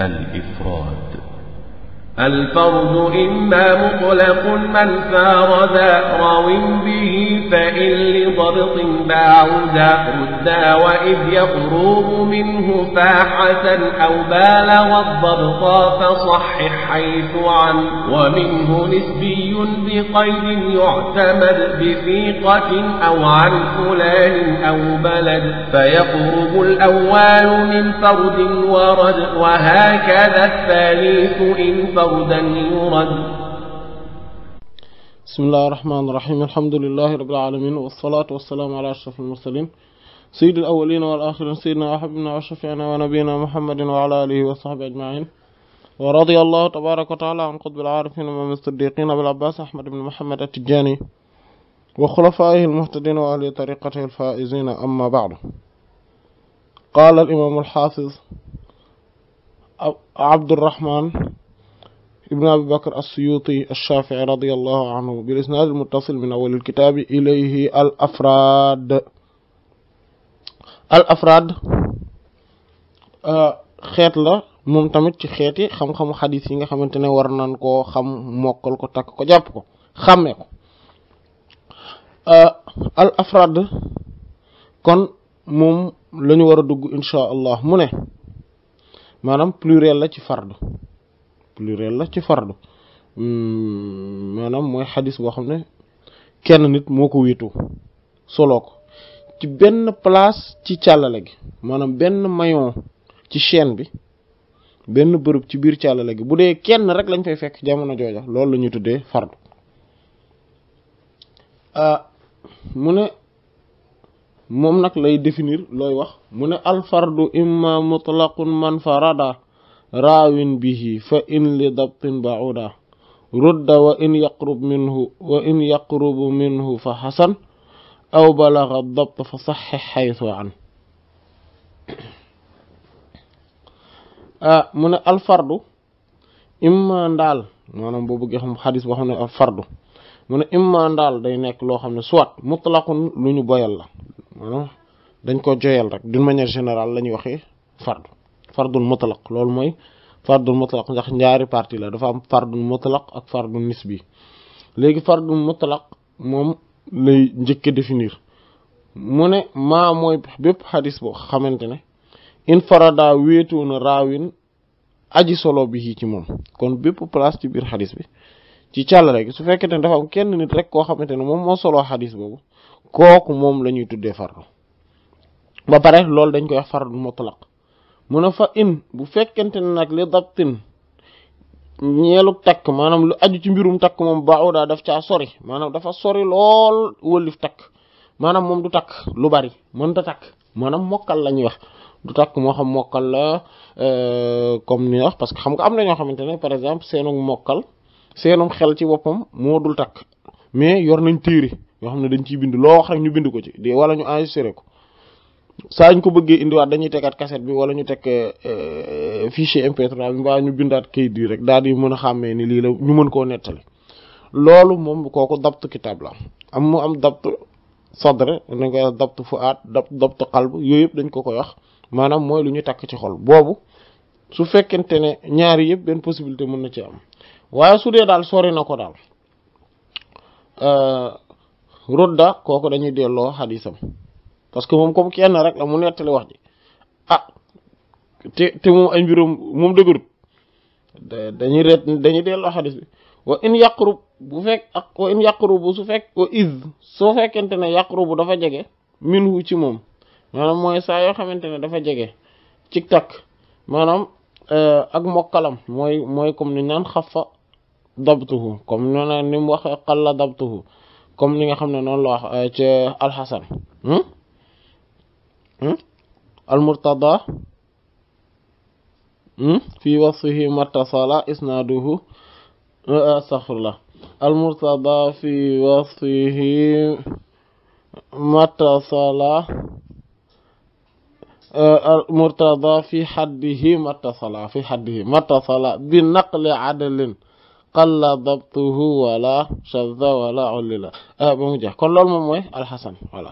الإفراد الفرد إما مطلق من فارد ذا راو به فإن لضبط باعدا ردا وإذ يقرب منه فاحة أو بالغ الضبط فصحح حيث عن ومنه نسبي بقيد يعتمد بثيقة أو عن فلان أو بلد فيقرب الأول من فرد ورد وهكذا الثالث إن فردا يرد بسم الله الرحمن الرحيم الحمد لله رب العالمين والصلاة والسلام على أشرف المرسلين سيد الأولين والآخرين سيدنا وحبنا وشفيعنا ونبينا محمد وعلى آله وصحبه أجمعين ورضي الله تبارك وتعالى عن قطب العارفين ومن الصديقين أبي العباس أحمد بن محمد التجاني وخلفائه المهتدين وأهل طريقته الفائزين أما بعد قال الإمام الحافظ عبد الرحمن ibn abi bakr as-suyuti ash-shafi'i radiyallahu anhu bil min awal al-kitab ilayhi al-afrad al-afrad uh, xeet la moom tamit ci xeeti xam-xamu xadis yi nga xamante ne war nan koo xam mokkal ko takk ko jàpp ko xàmmee ko uh, al afrad kon moom lañu ñu war a dugg inchaa allah mu ne maanaam pluriel la ci fardu pluriel la ci fardu hmm, maanaam hadis xadis boo ne kenn nit moko ko Solo. ko ci lagi. place ci càllale gi manam benn mayon ci chaîne bi ben bërëb ci bir càllale gi budé kenn rek lañ fay fekk jamono jojo lolou lañu tuddé fardu a ah, ne mom nak lay définir loy wax mu al alfardu imma mutlaqun man farada راو به فإن لضبط بعورة رد وإن يقرب منه وإن يقرب منه فحسن أو بلغ الضبط فصح حيث عن من الفرد إما ندال من بوبو جهم حديث وهم الفرد من إما ندال دينك لو خمن سوات مطلق لنو بايلا دنكو جايل رك دون منير جنرال لنو وخي فرد fardul mutlaq loolu mooy fardul mutlaq ndax ñaari parti la dafa am fardul mutlaq ak fardul nisbi léegi fardul mutlaq moom lay njëkk a définir mu ne maa mooy bépp xadis boo xamante ne infarada wéetoo na raawin aji solo bi ci moom kon bépp place ci biir xadis bi ci càllale gi su fekkente ne dafa am kenn nit rek koo xamante ne moom moo solo xadis boobu kooku moom la ñuy tuddee fardu ba pare loolu dañ koy wax fardu mutlaq mu fa in bu fekkente nak nag li dabtin ñeeluk tak? manam lu aju ci mbirum takk moom ba'uda daf ca sori manam dafa sori lool wolif tak? manam mom du tak lu bari mën ta tak manam mokal? lañ wax du tak mo xam mokal la euh, comme ni wax parce que xam nga am na ñoo xamantene par exemple seenum mokal seenum xel ci bopam mo dul tak mais yor nañ téré yo dañ ci bind loo wax rek ñu bind ko ci wala ñu enregistrer ko saa ñu ko bëggee waat dañuy tegaat cassette bi wala ñu teg euh, fichier MP3 bi mbaa ñu bindaat kayit di rek daal di mën a xàmmee ni lii la ñu mën koo nettali loolu moom kooku dabt kitab la am mu am dabt sadre na nga wax dabt fuaat dab dabt xalb yooyu dañ ko koy wax maanaam mooy lu ñu takk ci xol boobu su fekkente ne ñaar yëpp benn possibilité mën na ci am waaye su dee daal sori na ko daal euh, rodda kooku dañuy delloo xadisam parce que moom comme kenn rek mu nettali wax ji ah te te moom ay mbirum moom dëgërut dañuy ret dañuy delloo xadis bi wa in yaqrub bu bu su fekk wa iz soo fekkente ne yaqrub bu dafa jege minhu ci moom maanaam mooy saa yoo xamante ne dafa jege ci takk maanaam eh, ak mokkalam mooy mooy comme ni naan xafa dabtuhu comme noonu ni mu waxee qalla dabtuhu comme ni nga xam ne noonu la wax eh, alxasan hmm? المرتضى في وصفه ما اتصل إسناده أه، أستغفر الله المرتضى في وصفه ما اتصل أه، المرتضى في حده ما اتصل في حده ما اتصل بنقل عدل قل ضبطه ولا شذ ولا علل أه بمجح كل أه، الحسن ولا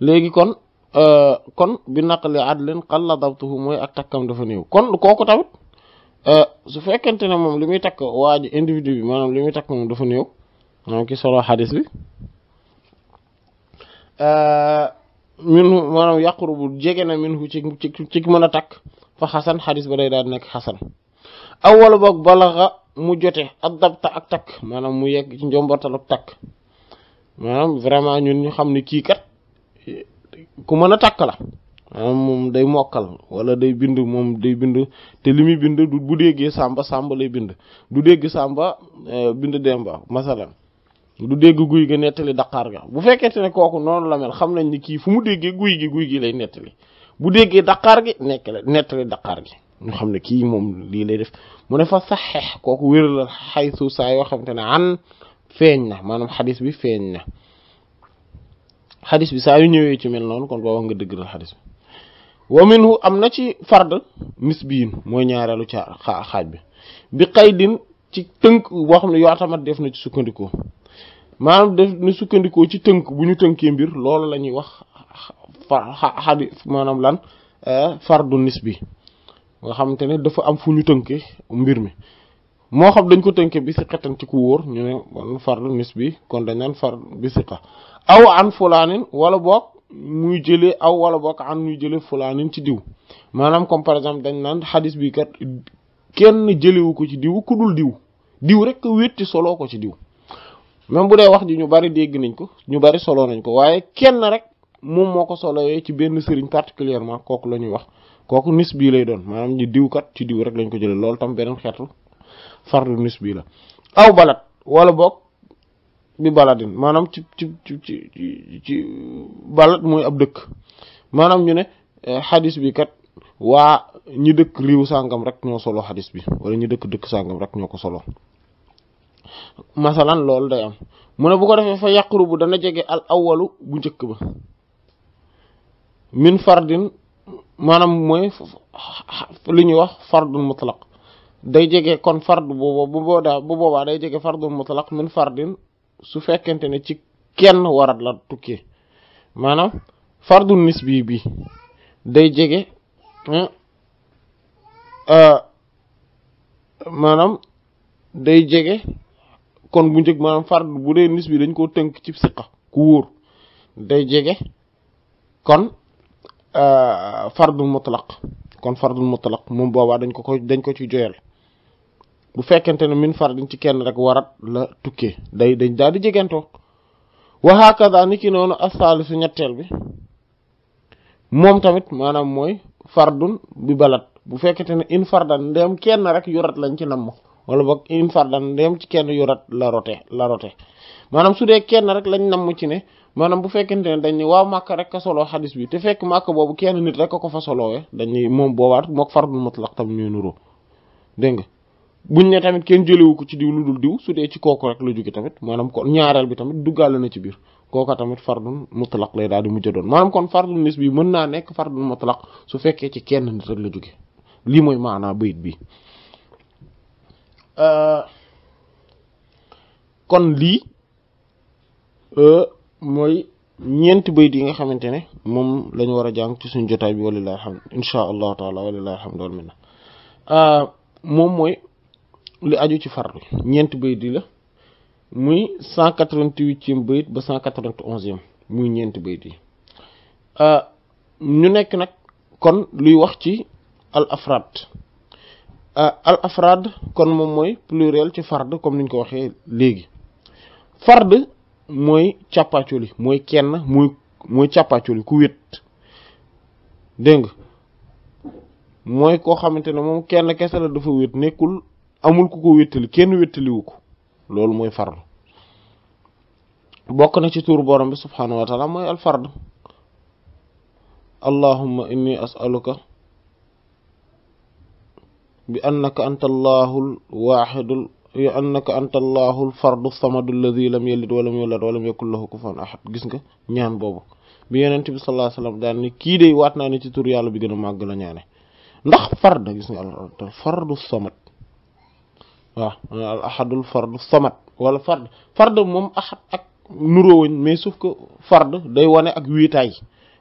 léegi kon euh, kon bi naqli adlin qalla dabtuhu mooy ak takkam dafa néew kon kooku tamit euh, su fekkente ne moom li muy takk waa ji individu bi maanaam li muy takk moom dafa néew maanaam ki solo xadis bi euh, minhu maanaam yaqrubu jege na minhu ci ci mën a takk fa xasan xadis ba day daal nekk xasan awwal boog balaxa mu jote ak dabta ak takk maanaam mu yegg ci njombartal ak takk maanaam vraiment ñun xam ne kii kat ku mën a takk la moom day mokkal wala day bind moom day bind te li muy bind bu déggee sàmba sàmba lay bind du dégg sàmba eh, bind demba masalan du dégg guy ga nettali daqaar ga bu fekkente ne kooku noonu la xam nañ ni kii fu mu déggee guy gi guy gi lay nettali bu déggee daqaar gi nekk la nettali daqaar gi ñu xam ne kii moom lii lay def mu ne fa saxeex kooku wéral la xaysu saa yoo xam te ne an feeñ na maanaam xadiis bi feeñ na xadis bi saa yu ñëwee ci mel noonu kon boo wax nga dëggal xadis bi wa minhu am na ci fard nisbiyin mooy ñaareelu ca xaaj bi bi qaydin ci tënk boo xam ne yoo def na ci sukkandikoo maanaam def na sukkandikoo ci tënk bu ñu tënkee mbir loolu la ñuy wax xadis maanaam lan eh, fardu nisbi nga xamante ne dafa am fu ñu tënkee mbir mi moo xam dañ ko tënke bi siqatan ci ku wor ñu ne bon fardu nis bi kon dañ nan far bi siqa aw an fulanin wala bok muy jele aw wala bok an muy jele fulanin ci diw manam comme par exemple dañ nan hadith bi kat kenn wu ko ci diw ku dul diw diw rek wetti solo ko ci diw même bu dee wax di ñu bari dégg nañ ko ñu bari solo nañ ko waaye kenn rek mom moo ko solooyee ci benn serigne particulièrement kooku lañuy wax kooku nisbi lay doon manam ñu diw kat ci diw rek lañ ko jele lol tam benen far misbi la aw balad wala bok, bi baladin manam ci ci ci ci balad moy ab dëkk manam ñu ne hadith eh, bi kat wa ñi dëkk riw sangam rek ño solo hadith bi wala ñi dëkk dëkk sangam rek ñoo ko solo masalan lol day am mu ne bu ko defee fa yaqrubu dana jege al awalu bu njëkk ba min fardin manam moy li wax fardun mutlaq day jege kon fard boobu bu boobaa bu boobaa day jege fardul mutlaq min fardin su fekkente ne ci kenn warat la tukkee maanaam fardul nisbi bi day jege euh, maanaam day jege kon bu njëg maanaam fard bu dee nisbi dañ koo tënk ci siqa ku wóor day jege kon euh, fardul mutlaq kon fardul mutlaq mu boobaa dañ ko koy dañ ko ci joyal bu fekkente ne min fardin ci kenn rek warat la tukkee day dañ daal di jegantoo wa hakada ni ki noonu as-salisu ñetteel bi moom tamit maanaam mooy fardun bi balat bu fekkente ne in fardan ndem kenn rek yurat lañ ci namm wala boog in fardan ndem ci kenn yurat la rote la rote maanaam su dee kenn rek lañ namm ci ne maanaam bu fekkente ne dañ ne waaw màkk rek a soloo xadis bi te fekk màkk boobu kenn nit rek a ko fa solowee dañ moom boobaat mook fardun mutlaq tam ñuy nuroo dégg nga buñ ne tamit kenn jëlewu ko ci diw lu dul diw su dee ci kooku rek la jóge tamit maanaam kon ñaareel bi tamit duggaale na ci biir kooka tamit fardun mutlaq lay daal di mujj doon maanaam kon fardun nis bi mën naa nekk fardun mutlaq su fekkee ci kenn nit rek la jóge lii mooy maanaa bayit bi euh, kon lii euh, mooy ñeenti bayit yi nga xamante ne moom lañu war a jàng ci suñu jotaay bi walilahi alhamd insha allahu taala walilahi alhamdu wal minna euh, moom mooy lu aju ci fardu ñeenti bayit yi la muy 188e bayit ba 191e muy ñeenti bayit yi euh, ñu nekk nag kon luy wax ci al afrad euh, kon moom mooy pluriel ci fard comme niñ ko waxee léegi fard mooy càppaacoli mooy kenn muy mooy càppaacoli ku wét dégg nga mooy koo xamante ne moom kenn kese la dafa wét nekkul amul kuko wetali kenn wetali wuko lol moy fard bok na ci tour borom bi subhanahu wa taala moy al fard allahumma inni as'aluka bi annaka anta allahul wahidul ya annaka anta allahul fardu samad alladhi lam yalid wa lam yulad wa lam yakul lahu kufuwan ahad gis nga ñaan bobu bi yonent bi sallallahu alayhi wasallam dal ni ki de watna ni ci tour yàlla bi gëna mag la ñaane ndax fard gis nga al fardu samad waaw al ahadul fard samad wala fard fard moom ahad ak nuróowuñ mais sauf que fard day wane ak wéetaay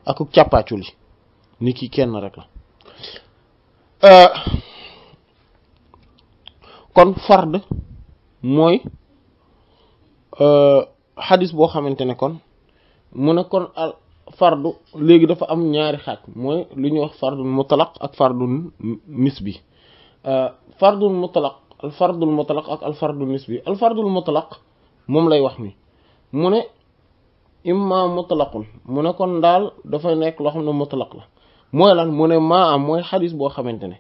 ak càppaacul yi ni ki kenn rek la euh, kon fard mooy euh, xadis boo xamante ne kon mu ne kon al fardu léegi dafa am ñaari xaaj mooy lu ñuy wax fardu mutlaq ak fardu bi euh, fardu mutlaq al fardul mutlaq ak al fardul nisbi al fardul mutlaq moom lay wax ni mu ne imma mutlaqun mu ne kon daal dafay nekk loo xam ne mutlaq la mooy lan mu ne maa am mooy xadis boo xamante ne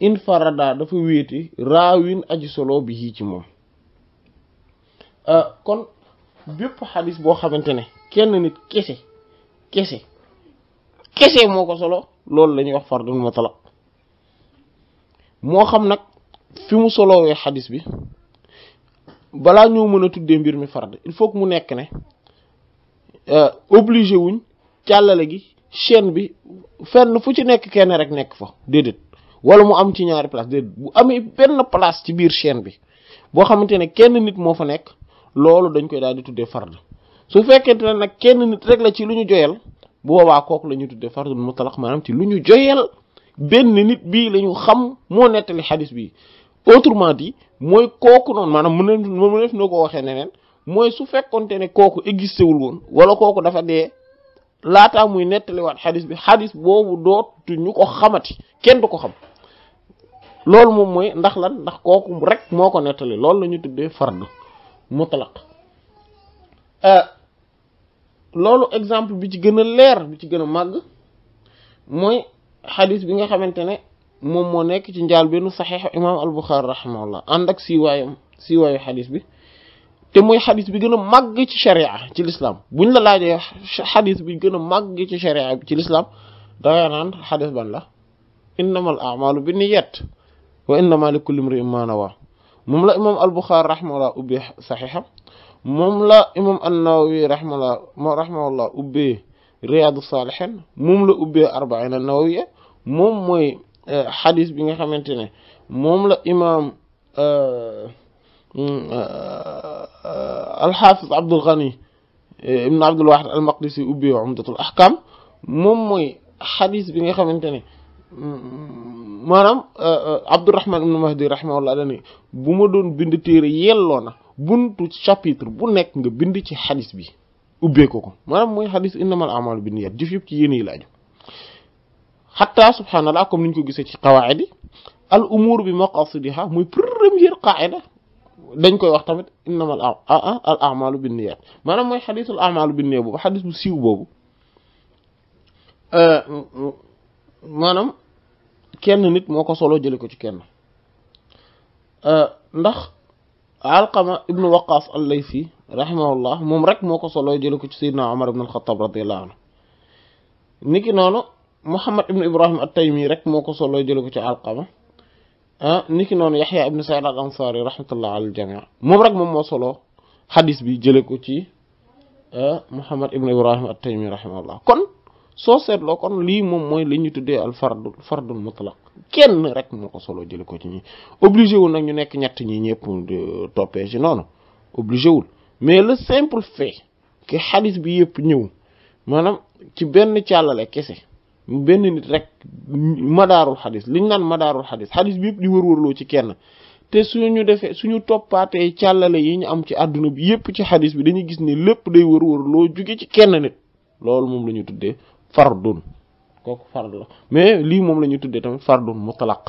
infarada dafa wéeti raawin aji solo bi yii ci moom euh, kon bépp xadis boo xamante ne kenn nit kese kese kese moo ko solo loolu lañuy wax fardul mutlaq moo xam nag fi mu solowee xadis bi balaa ñoo mën a tuddee mbir mi farad il faut mu nekk ne euh, obligé wuñ càllale gi chaîne bi fenn fu ci nekk kenn rek nekk fa déedéet wala mu am ci ñaari place déedéet bu amee benn place ci biir chaîne bi boo xamante ne kenn nit moo fa nekk loolu dañ koy daal di tuddee fard su fekkente ne nag kenn nit rek la ci lu ñu joyal bu boobaa kooku la ñuy tuddee mu mutlaq maanaam ci lu ñu joyal benn nit bii lañu xam moo nettali xadis bi autrement dit mooy kooku noonu maanaam mën na mën na ko waxee neneen mooy su fekkonte ne kooku existé wul woon wala kooku dafa dee laata muy nettaliwaat xadis bi xadis boobu dootu ñu ko xamati kenn du ko xam loolu moom mooy ndax lan ndax kooku rek moo ko nettali loolu la ñu tuddee fard mutlaq euh, loolu exemple bi ci gën a leer bi ci gën a màgg mooy xadis bi nga xamante ne mom mo nek ci njaal benn sahih imam al buxaari rahimahullah ànd ak siiwaayam siiwaayu xadis bi te moy hadith bi gën mag ci sharia ci l'islam buñ la laaje hadith bi gën mag ci sharia ci l'islam da nga nan hadith ban la innamal a'malu binniyat wa innamal likulli imri'in ma nawa mom la imam al buxaari rahimahullah ubi sahiha mom la imam an-nawawi rahmalahu rahimahullah ubbee riyaadu salihin mom la ubi 40 an nawawi mom moy xadis euh, bi nga xamante ne moom la imaam euh, mm, euh, alxaafis Abdul Ghani ibn Abdul Wahid al-Maqdisi ubbi Umdatul Ahkam moom mooy xadis bi nga xamante ne mm, maanaam Abdurrahman ibn Mahdi rahimahullah dani bu ma doon bind téere yelloo na buntu chapitre bu nekk nga bind ci xadis bi ubbee ko ko maanaam mooy xadis innamal a'malu binniyat jëf yëpp ci yéene yi la xataa subhaanallah comme niñ ko gisee ci qawaid yi al umur bi maqasidiha muy première qaida dañ koy wax tamit innama al amalu binniyat maanaam mooy xadisul amalu binniyat boobu xadis bu siiw boobu euh, maanaam kenn nit moo ko solo jële ko ci kenn euh, ndax alqama ibnu waqas al-laysi rahimahullah moom rek moo ko solo jële ko ci sayyidina umar ibn al-khattab radiyallahu anhu niki noonu muhammad ibn ibrahim at-taymi rek moo ko solo jële ko ci alqama ah niki noonu yaxya ibnu said al ansari rahmatullah al jamia moom rek moom moo solo bi ko ci muhammad ibn ibrahim at-taymi rahimahullah kon so seetloo kon li moom mooy li ñu al fardu fardul mutlaq kenn rek moo ko solo jële ko ci ni obligé wul nag ñu nekk ñett ñi ñëpp toppee ci noonu obligé wul mais le simple fait que xadis bi yëpp ñëw maanaam ci kese benn nit rek madaarul xadis liñ naan madaarul xadis xadis bi yëpp di wërwërloo ci kenn te suñu defee suñu toppaatee càllale yi ñu am ci àdduna bi yëpp ci xadis bi dañuy gis ne lépp day wërwërloo jóge ci kenn nit loolu moom la ñu tuddee fardun kooku fard la mais lii moom la ñu tuddee tamit fardun mutlaq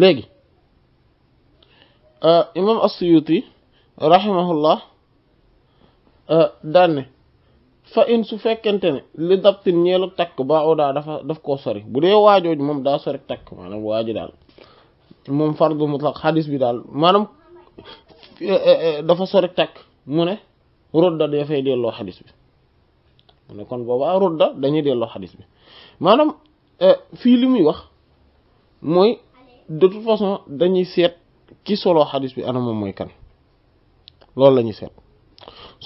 léegi euh, imam as-Suyuti rahimahullah euh, daane fa in su fekkente ne li dabtin ñeelu takk ba odaa dafa daf koo sori bu dee waajooju moom daa sori takk maanaam waaji daal moom fardu mutlaq xadis bi daal maanaam eh, eh, eh, dafa sori takk mu ne rodda dafay delloo xadis bi mu ne kon boobaa rodda dañuy delloo xadis bi maanaam fii li muy wax mooy de toute façon dañuy seet ki solo xadis bi ana moom mooy kan loolu la ñuy seet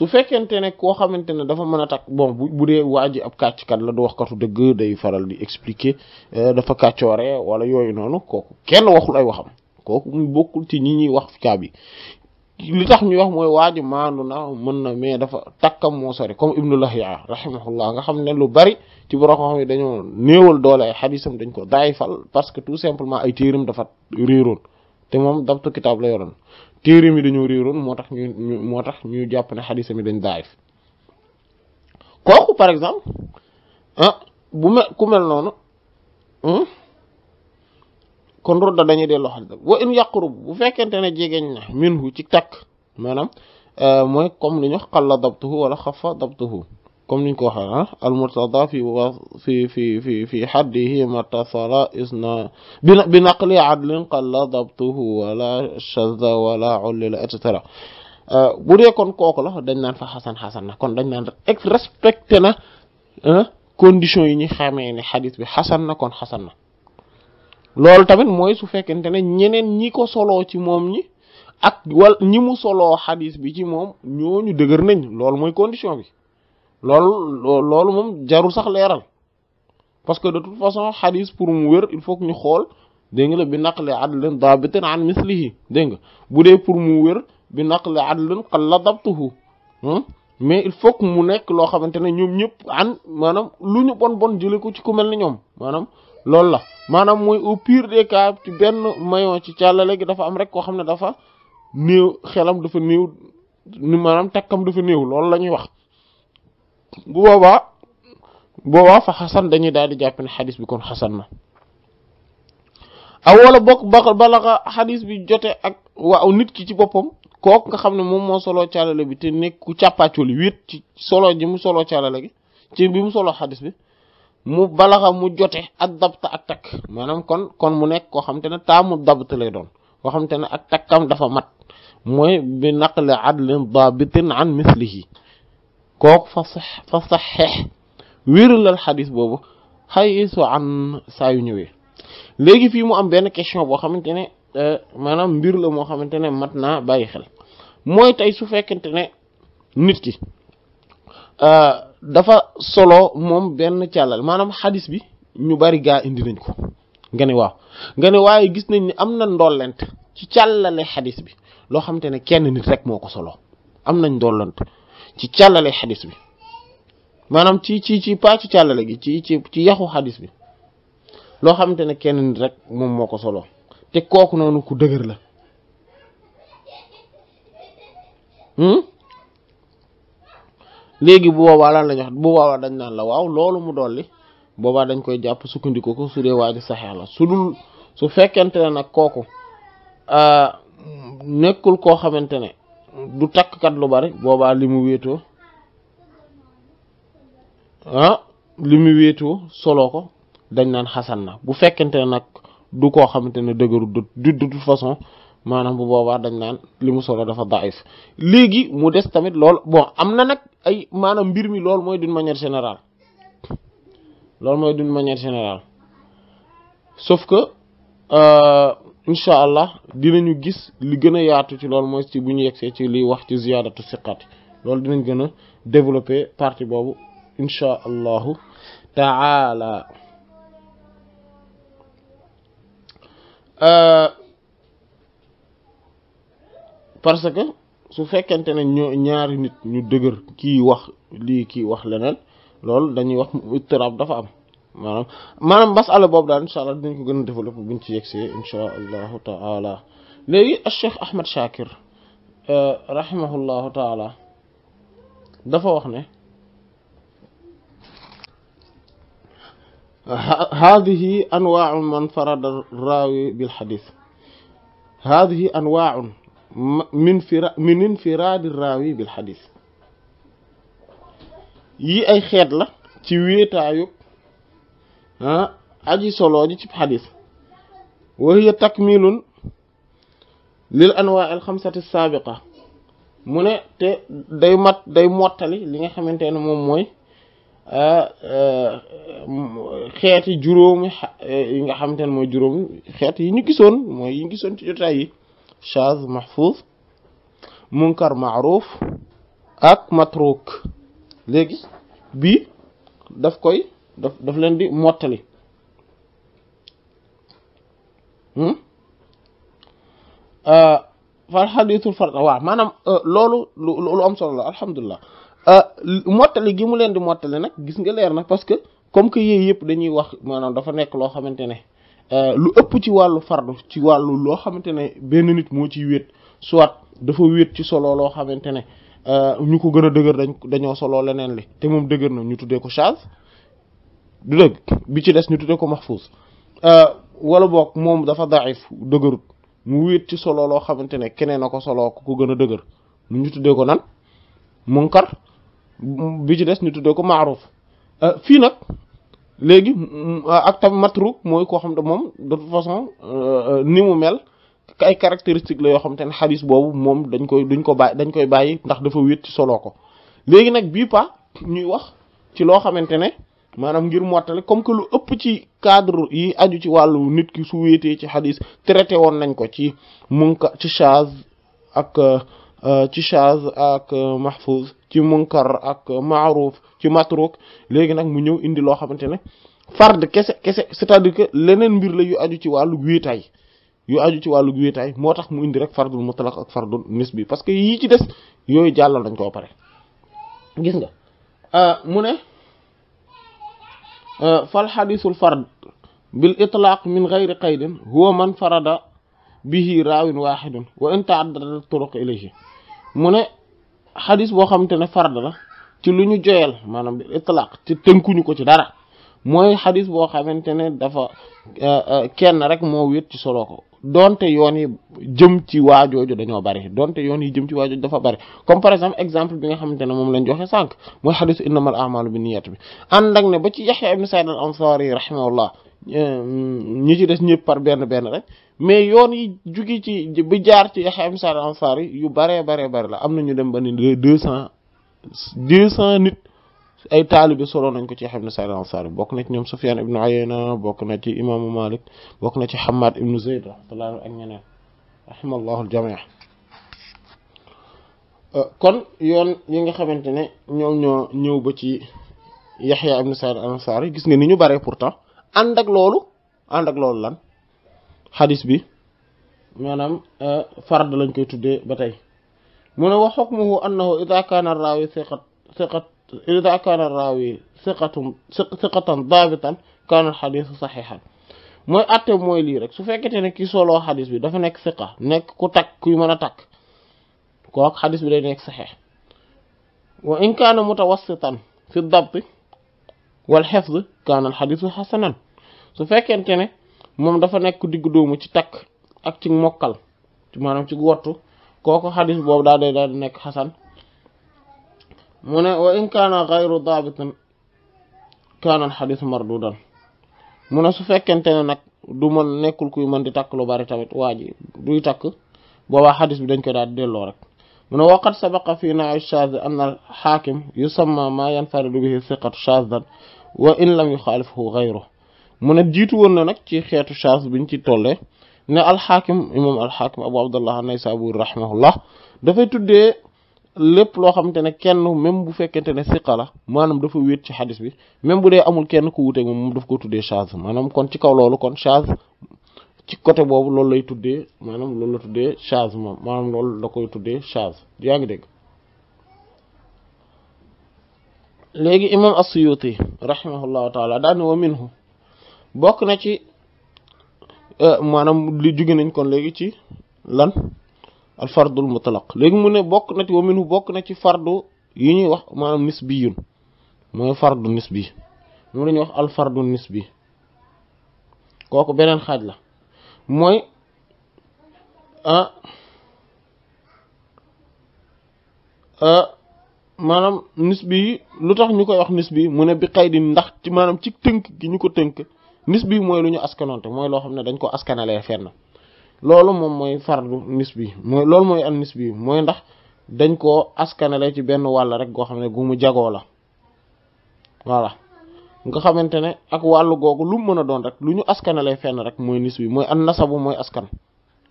su fekkente ne koo xamante ne dafa mën a takk bon bu bu dee waa ji ab kàcckat la du waxkatu dëgg day faral di expliquer euh, dafa kàccoore wala yooyu noonu kooku kenn waxul ay waxam kooku mu bokkul ci ñi ñuy wax kaa bi li tax ñu wax mooy waa ji maandu mën na mais dafa takkam moo sori comme ibnu lahiya rahimahullah nga xam ne lu bari ci borom xam ne dañoo néewal doole ay xadisam dañ ko daay fal parce que tout simplement ay téeram dafa réeroon te moom dabtu kitaab la yoroon téere mi dañoo réeroon moo tax ñu moo tax ñuy jàpp ne xadis mi dañ daayif kooku par exemple ah, bu mel ku mel noonu hmm, kon rodda dañuy delloo xadis wa in yaqrub bu fekkente ne jegeñ na minhu ci takk maanaam euh, mooy comme li ñu wax xalla dabtuhu wala xafa dabtuhu كم نكو ها المرتضى في في في في في حده ما اتصل اسنا بنقل عدل قل ضبطه ولا شذ ولا علل اتترى بودي كون كوكو لا دنج نان فا حسن حسن كون دنج نان ريسبكت نا ها كونديشن يي خامي ني حديث بي حسن كون حسن لول تامن موي سو فيكنت ني نينن ني كو سولو تي موم ني اك ني مو سولو حديث بي تي موم ньо ญ و دغور نين لول موي كونديشن بي loolu loolu moom jarul sax leeral parce que de toute façon xadis pour mu wër il faut ñu xool dégg nga la bi naqli adlin dabitin an mislihi dégg nga bu dee pour mu wér bi naqli la qalla dabtuhu hmm? mais il faut mu nekk loo xamante ne ñoom ñëpp an maanaam lu ñu bon bon jële ko ci ku mel ni ñoom maanaam loolu la maanaam mooy au piir des cas benn maillon ci càllale gi dafa am rek koo xam ne dafa néew xelam dafa néew ni maanaam takkam dafa néew loolu la ñuy wax bu boobaa boobaa fa xasan dañuy daal di jàpp ne xadis bi kon xasan na aw wala bokk balaxa xadis bi jote ak waaw nit ki ci boppam kooku nga xam ne moom moo soloo càllale bi te nekku càppaacoli wéet ci solo ji mu soloo càllale gi ci bi mu soloo xadis bi mu balaxa mu jote ak dabta ak takk maanaam kon kon mu nekk koo xam te ne taamu dabt lay doon koo xam te ne ak takkam dafa mat mooy bi naqle adlin dabitin an yi kook fa sax fa sax wéeralal xadis boobu xayisu an saa yu ñëwee léegi fii mu am benn question boo xamante ne euh, maanaam mbir la moo xamante ne mat naa bàyyi xel mooy tey su fekkente ne nit ki euh, dafa solo moom benn càllal maanaam xadis bi ñu bari gaa indi nañ ko nga ne waaw nga ne waaye gis nañ ni am na ndollent ci càllale xadis bi loo xamante ne kenn nit rek moo ko solo am nañ ndollent ci càllale xadis bi maanaam ci ci ci pas ci càllale gi ci ci ci yaxu xadis bi loo xamante ne kenn nit rek moom moo ko solo te kooku noonu ku dëgër la hmm? léegi bu boobaa la ñu wax bu boobaa dañ naan la waaw loolu mu dolli boobaa dañ koy jàpp sukkandiku ko su dee waa ji saxeex la su dul su fekkente ne nag kooku ah, nekkul koo xamante ne du takk kat lu bari boobaa li mu wéetoo ah li mu wéetoo solo ko dañ naan xasan na bu fekkente ne nag du koo xamante ne dëgëru du de toute façon maanaam bu boobaa dañ naan li mu solo dafa daif léegi mu des tamit lool bon am na nag ay maanaam mbir mi loolu mooy d'une manière général loolu mooy d'une manière général sauf que euh, incha allah ñu gis li gën a yaatu ci loolu mooy ci bu ñu yegsee ci liy wax ci ziyaadatu siqaat loolu dinañ gën a développer partie boobu incha allahu taala euh, parce que su fekkente ne ñaari nit ñu dëgër kii wax lii kiy wax leneen loolu dañuy wax ittiraab dafa am manam manam masala bobu daal inshallah allah dinañ ko gëna develop buñ ci yexé inshallah allahu taala léegi Cheikh Ahmed Shakir rahimahullah taala dafa wax ne هذه أنواع من فرد الراوي بالحديث هذه أنواع من فرا من انفراد الراوي بالحديث yi ay xeet la ci wéetaayu aji solo ji ci xadis wa hiya takmilun lil anwaa al xamsati saabiqa mu ne te day mat day mottali li nga xamante ne moom mooy xeeti juróomi yi nga xamante ne mooy juróomi xeet yi ñu gisoon mooy yi ñu gisoon ci jotaay yi shaaz mahfuz munkar maaruf ak matruk léegi bii daf koy daf daf leen di mottali hmm? euh, fal xadiisul fard waa maanaam euh, loolu lu am solo la alhamdulilah euh, mottali gi mu leen di mottali nag gis nga leer na parce que comme que yooyu yëpp dañuy wax maanaam dafa nekk loo xamante ne lu ëpp ci wàllu fardu ci wàllu loo xamante ne benn nit moo ci wéet soit dafa wéet ci solo loo xamante ne ñu ko gën a dëgër dañ dañoo solo leneen li te moom dëgër na ñu tuddee ko charge du dëgg bi ci des ñu tuddee ko mahfuz euh, wala boog moom dafa daif dëgërut mu wéet ci solo loo xamante ne keneen a ko soloo ko gën a dëgër mu ñu tuddee ko nan munkar bi ci des ñu tuddee ko maaruf euh, fii nag léegi euh, ak tam matruk mooy koo xam ne moom de toute façon ni mu mel kay caractéristiques la yoo xamante ne xadis boobu moom dañ koy duñ ko dañ koy bàyyi ndax dafa wéet ci solo ko léegi nag bii pa ñuy wax ci loo xamante ne maanaam ngir mottale comme que lu ëpp ci cadre yi aju ci wàllu nit ki su wéetee ci xadis traité woon nañ ko ci munka ci chaz ak euh, ci chaz ak ci munkar ak maaruf ci matruk léegi nag mu ñëw indi loo xamante ne fard kese kese c'est-à-dire que leneen mbir la yu aju ci wàllu wéetaay yu aju ci wàllu wéetaay moo tax mu indi rek fardul mutlaq ak fardul nisbi parce que yii ci des yooyu jàllal dañ koo pare gis nga euh, mu آه، فالحديث الفرد بالإطلاق من غير قيد هو من فرد به راو واحد وإن تعدد الطرق إليه من حديث بوخم تنا فرد لا تي لونو جويل مانام بالإطلاق تي تنكو نيكو تي دارا موي حديث بوخم تنا دافا كين رك مو ويت تي سولوكو donte yoon yi jëm ci waajooju dañoo bari donte yoon yi jëm ci waajooju dafa bari comme par exemple exemple bi nga xamante ne moom lañ joxe sànq mooy xadisu innamal a'malu yet bi ànd ak ne ba ci am Yahya ibn Sa'id al-Ansari rahimahullah ñi ci des ñëpp par benn benn rek mais yoon yi jugi ci bi jaar ci Yahya ibn Sa'id al-Ansari yu baree baree bari la am na ñu dem ba ni deux cent deux cent nit ay taalibe solo nañ ko ci Yaxya ibn Sa'id al bokk na ci ñoom Sufyan na ci imaamu Malik bokk euh, yoon yi nga xamante ne ñoom ñoo ñëw ba ci Yaxya ibn Sa'id al gis nga ni ñu bare pourtant ànd ak loolu ànd ak loolu lan xadis bi maanaam euh, fard lañ koy tuddee ba tey mu ne wa hukmuhu annahu idha kana ar-rawi thiqat thiqat ida kaana raawi siqatun siqatan daabitan kaana xadiisu saxiixan mooy atte mooy lii rek su fekkete ne ki soloo xadis bi dafa nekk siqa nekk ku takk kuy mën a takk kook xadis bi day nekk saxiix wa in kaana mutawassitan fi dabti wal xifd kaana al su fekkente ne moom dafa nekk digg dóomu ci takk ak ci mokkal maanaam ci wattu kooku xadis boobu daal day daal di nekk xasan mu ne wa in kaana gayru daabitin kaana xadis mardudan mu ne su fekkente ne nag du mën nekkul kuy mën di takk lu bari tamit waa ji duy takk boobaa xadis bi dañ ko daal di delloo rek mu ne waqad sabaqa fii naawi shaadh anna al-xaakim yusamma maa yanfaridu bihi siqatu shaadhan wa in lam yuxaalifhu gayru mu ne jiitu woon na nag ci xeetu shaadh biñ ci tollee ne alxaakim imam alxaakim abu abdullah an-naysaburi rahimahullah dafay tuddee lépp loo xamante ne kenn même bu fekkente ne siqa la maanaam dafa wéet ci xadis bi même bu dee amul kenn ku wuteeg moom moom daf ko tuddee chaz maanaam kon ci kaw loolu kon chaz ci côté boobu loolu lay tuddee maanaam loolu la tuddee chaz moom maanaam loolu da koy tuddee chaz yaa ngi dégg léegi imam as-Suyuti rahimahullahu taala bokk na ci eh, maanaam li jóge nañ kon léegi ci lan al fardul mutlaq legi mu ne bok na ci wamin bu bok na ci fardu yi ñuy wax manam nisbiyun moy fardu nisbi mu la wax al fardu nisbi koku benen xaaj la a a maanaam nisbi yi lu tax wax nisbi mu ne bi xaydi ndax ci manam ci teunk gi ñuko teunk nisbi mooy lu ñu askanonte moy lo xamne dañ ko fenn loolu moom mooy fardu nisbi mooy loolu mooy an nisbi mooy ndax dañ koo askanale ci benn wàll rek goo xam ne gu mu jagoo la voilà nga xamante ne ak wàllu googu lu mën a doon rek lu ñu askanale fenn rek mooy nisbi mooy an nasabu mooy askan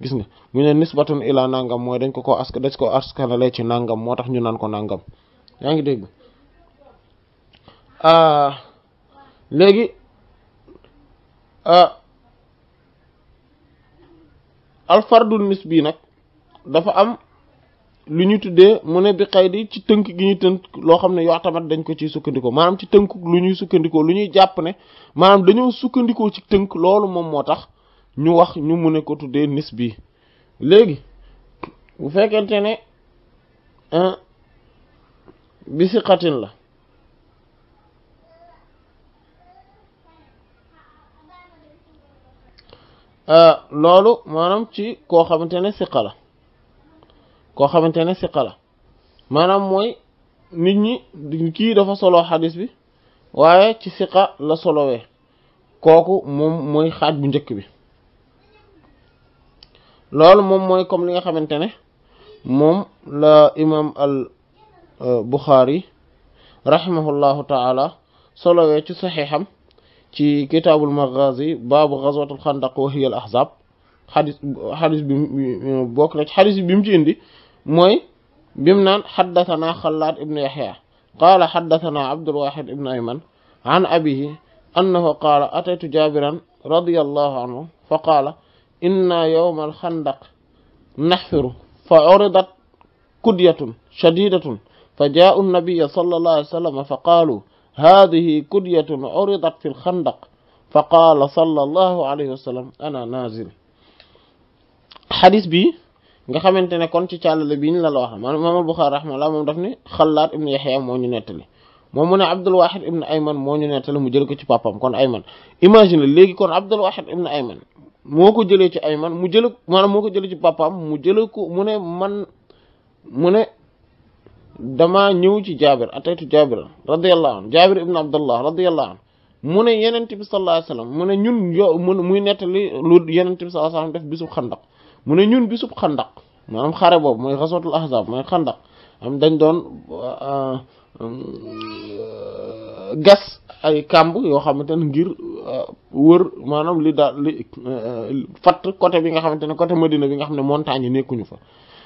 gis nga mu ne nisbatun ila nangam mooy dañ ko ko ask dañ ko askanale ci nangam moo tax ñu naan ko nangam yaa ngi dégg ah, léegi ah, alfardul nis bii nag dafa am lu ñu tuddee mu ne bi xay di ci tënk gi ñu tënk loo xam ne yoo tamit dañ ko ciy sukkandikoo maanaam ci tënk lu ñuy sukkandikoo lu ñuy jàpp ne maanaam dañoo sukkandikoo ci tënk loolu moom moo tax ñu wax ñu mu ne ko tuddee nis bii léegi bu fekkente ne ah, bi si xatin la Euh, loolu maanaam ci koo xamante ne siqa la koo xamante ne siqa la maanaam mooy nit ñi kii dafa solo xadis bi waaye ci siqa la solowee kooku moom mooy xaaj bu njëkk bi loolu moom mooy comme li nga xamante ne moom la imam al euh, buxaari rahimahullahu taala solowee ci saxiixam ci kitaabul maghazi baabu ghazwatul khandaq wa hiya al ahzab hadith hadith bi bok la hadith bi mu ci indi moy bim nan hadathana naan ibn yahya qala hadathana abd al wahid ibn ayman an abihi annahu qala ataytu jabiran radiyallahu anhu fa qala inna yawm al khandaq naxfiru fa uridat kudyatun shadidatun fa jaau nnabiya sallallahu alayhi wa sallam fa qaaluu هذه كدية عرضت في الخندق فقال صلى الله عليه وسلم أنا نازل حديث بي nga xamante ne kon ci càllale bi ñu la la wax man moom daf ni Xallaad ibnu Yaxya moo ñu moom mu ne Abdul Wahid ibnu moo ñu nettali mu jël ko ci papam kon Ayman imagine léegi kon Abdul Wahid ibnu Ayman moo ko jëlee ci Ayman mu jël maanaam moo ko jëlee ci papam mu jël ko mu ne man mu ne damaa ñëw ci jaabir ataytu jaabir radiallahu anhu jaabir ibn abdullah radiallahu anhu mu ne yenent bi sallallahu alayhi wasallam mu ne ñun yo mu muy nettali lu yenent bi sallallahu alayhi wasallam bisub xandaq mu ne ñun bisub xandaq maanaam xare boobu mooy xaswatul ahzab mooy xandaq am dañ doon uh, um, uh, gas ay kàmb yoo xamante ne ngir uh, wër maanaam li daal li fatt côté bi nga xamante ne côté Medina bi nga xam ne montagne yi nekkuñu fa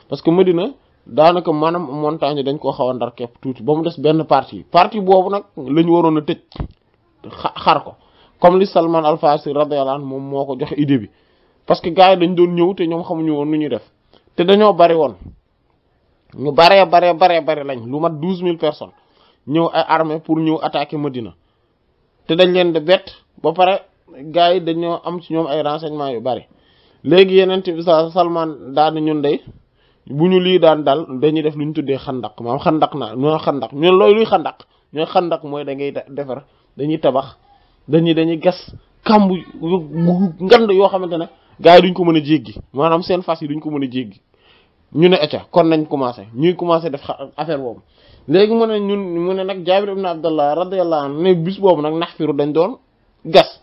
parce que Medina daanaka maanaam montagne dañ koo xaw a képp tuuti ba mu des benn partie partie boobu nag la ñu waroon a tëj xar ko comme li Salman Al Farsi radiyallahu moom moo ko joxe idée bi parce que gars yi dañ doon ñëw te ñoom xamuñu woon nu ñuy def te dañoo bari woon ñu baree bare baree bari lañ lu mat douze mille personnes ñëw ay armée pour ñëw attaquer Medina te dañ leen di bett ba pare gars yi dañoo am ci ñoom ay renseignements yu bari léegi yeneen bi saa Salman daal ñun dey bu ñu lii daan daal dañuy def lu ñu tuddee xandaq maam xandaq naa ñoo xandaq ñun looy luy xandaq ñoo xandaq mooy da defar dañuy tabax dañuy dañuy gas kamb ngand yoo xamante ne gars yi duñ ko mën a jéggi maanaam seen fas yi duñ ko mën a jéggi ñu ne acca kon nañ commencé ñuy commencé def affaire boobu léegi mu ne ñun mu ne nag Jaabir ibn Abdallah radiyallahu anhu ne bis boobu nag naxfiru dañ doon gas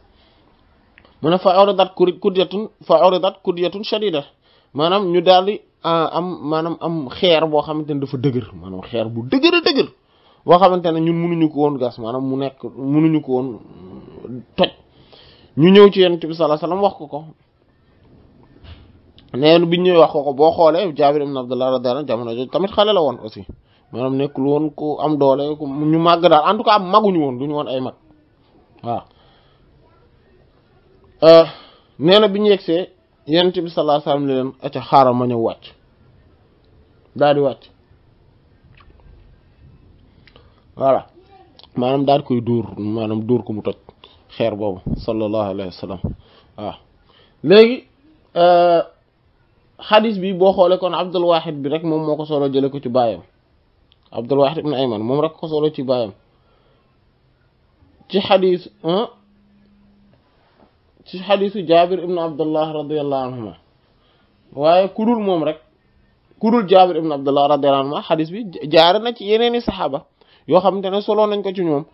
mu ne fa awradat kudyatun fa awradat kudyatun shadida maanaam ñu daal Euh, am maanaam am xeer boo xamante ne dafa dëgër maanaam xeer bu dëgër a dëgër boo xamante ne ñun mënuñu ko woon gas maanaam mu nekk mënuñu ko woon euh, toj ñu ñëw ci yonent bi sallallahu wax ko ko neen bi ñuy wax ko ko boo xoolee Jaabir ibn Abdullah radiyallahu anhu jamono jooju tamit xale la woon aussi maanaam nekkul woon ku am doole ku ñu màgg daal en tout cas màgguñu woon duñu woon ay mag euh, bi ñu yegsee yonent bi sallallahu alayhi wa sallam ne leen aca xaaral ma maanaam daal koy dóor maanaam dóor ko mu toj xeer boobu sallallahu alayhi wa léegi euh, xadis bi boo xoolee kon Abdul Wahid bi rek moom moo ko solo jële ko ci baayam Abdul Wahid ibn Ayman moom rek ko solo ci baayam ci xadis ci xadiisu jaabir ibn abdullah radiallahu anhuma waaye kudul moom rek kudul jaabir ibn abdullah radiallahu anhuma xadiis bi jaare na ci yeneeni saxaaba yoo xam te ne soloo nañ ko ci ñoom